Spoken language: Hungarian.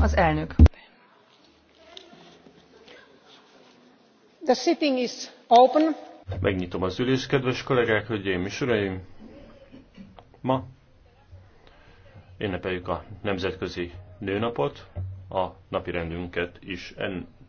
Az elnök. The sitting is open. Megnyitom az ülést, kedves kollégák, hölgyeim és uraim. Ma ünnepeljük a Nemzetközi Nőnapot, a napirendünket is en